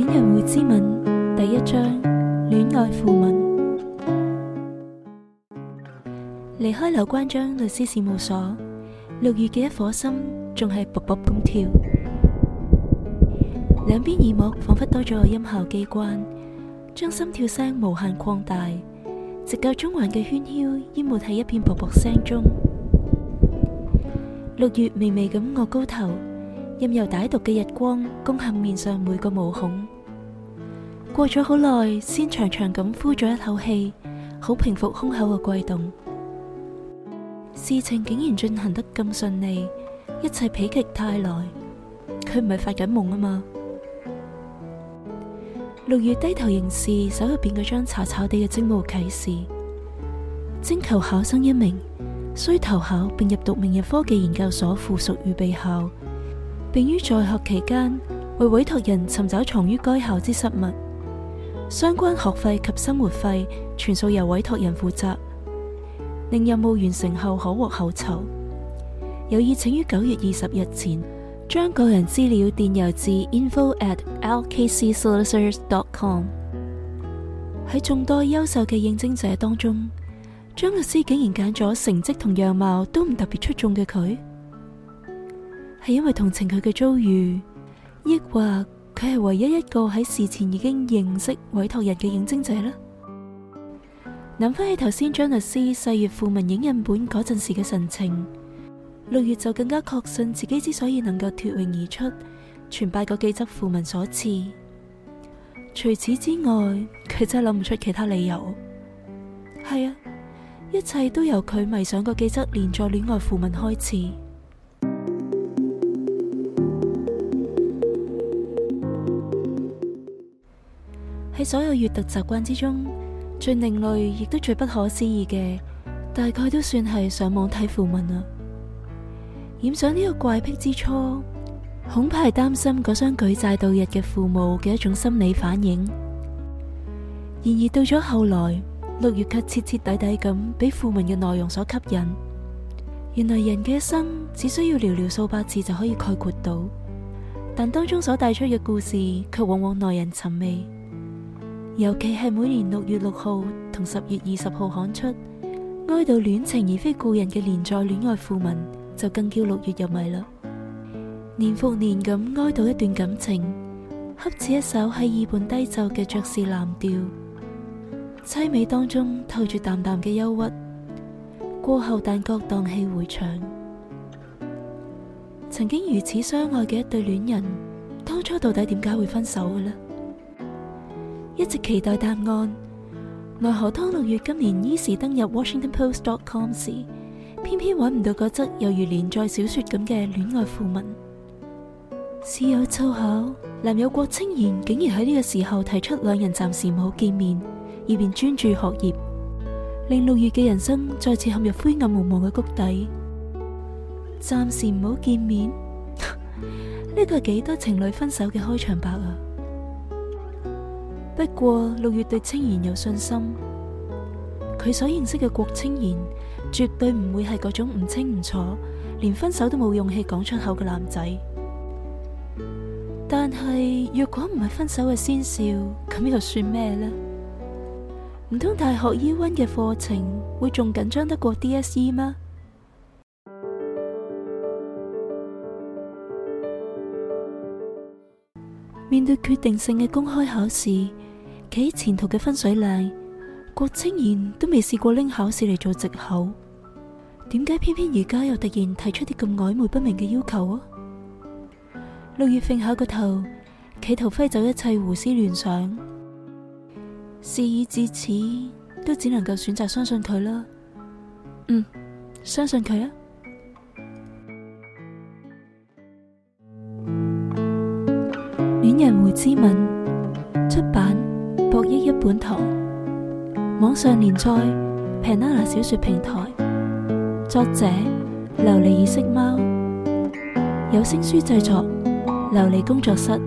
戀人湖之吻第一章：戀愛訃聞。離開劉關張律師事務所，六月嘅一顆心仲係卜卜咁跳，兩邊耳膜仿佛多咗個音效機關，將心跳聲無限擴大，直到中環嘅喧囂淹沒喺一片卜卜聲中。六月微微咁昂高頭。任由歹毒嘅日光攻陷面上每個毛孔，過咗好耐，先長長咁呼咗一口氣，好平復胸口嘅悸動。事情竟然進行得咁順利，一切否極泰來，佢唔係發緊夢啊嘛？六月低頭凝視手入邊嗰張茶炒地嘅徵募啟事，徵求考生一名，需投考並入讀明日科技研究所附屬預備校。並於在學期間為委託人尋找藏於該校之失物，相關學費及生活費全數由委託人負責。另任務完成後可獲報酬。有意請於九月二十日前將個人資料電郵至 info@lkcsolicitors.com。喺眾多優秀嘅應徵者當中，張律師竟然揀咗成績同樣貌都唔特別出眾嘅佢。係因為同情佢嘅遭遇，抑或佢係唯一一個喺事前已經認識委託人嘅應徵者呢？諗翻起頭先張律師細閱訃聞影印本嗰陣時嘅神情，六月就更加確信自己之所以能夠脫穎而出，全拜嗰幾則訃聞所賜。除此之外，佢真係諗唔出其他理由。係啊，一切都由佢迷上嗰幾則連載戀愛訃聞開始。所有閱讀習慣之中，最另類亦都最不可思議嘅，大概都算係上網睇訃聞啦。染上呢個怪癖之初，恐怕係擔心嗰雙舉債度日嘅父母嘅一種心理反應。然而到咗後來，六月卻徹徹底底咁被訃聞嘅內容所吸引。原來人嘅一生只需要寥寥數百字就可以概括到，但當中所帶出嘅故事卻往往耐人尋味。尤其係每年六月六號同十月二十號刊出哀悼戀情而非故人嘅連載戀愛訃聞，就更叫六月入迷啦。年復年咁哀悼一段感情，恰似一首喺耳畔低奏嘅爵士藍調，凄美當中透住淡淡嘅憂鬱，過後但覺蕩氣迴腸。曾經如此相愛嘅一對戀人，當初到底點解會分手嘅呢？一直期待答案，奈何當六月今年依時登入 WashingtonPost.com 時，偏偏揾唔到嗰則猶如連載小說咁嘅戀愛訃聞。事有湊巧，男友郭清賢竟然喺呢個時候提出兩人暫時唔好見面，以便專注學業，令六月嘅人生再次陷入灰暗無望嘅谷底。暫時唔好見面，呢個係幾多情侶分手嘅開場白啊！不過六月對清妍有信心，佢所認識嘅郭清妍絕對唔會係嗰種唔清唔楚，連分手都冇勇氣講出口嘅男仔。但係若果唔係分手嘅先兆，咁呢度算咩呢？唔通大學 EUN 嘅課程會仲緊張得過 DSE 嗎？面對決定性嘅公開考試。喺前途嘅分水嶺，郭清言都未試過拎考試嚟做藉口，點解偏偏而家又突然提出啲咁曖昧不明嘅要求啊？六月揈下個頭，企圖揮走一切胡思亂想，事已至此，都只能夠選擇相信佢啦。嗯，相信佢啊！戀人湖之吻出版。獲益一,一本堂網上連載《Penana 小說平台》，作者琉璃異色貓，有聲書製作琉璃工作室。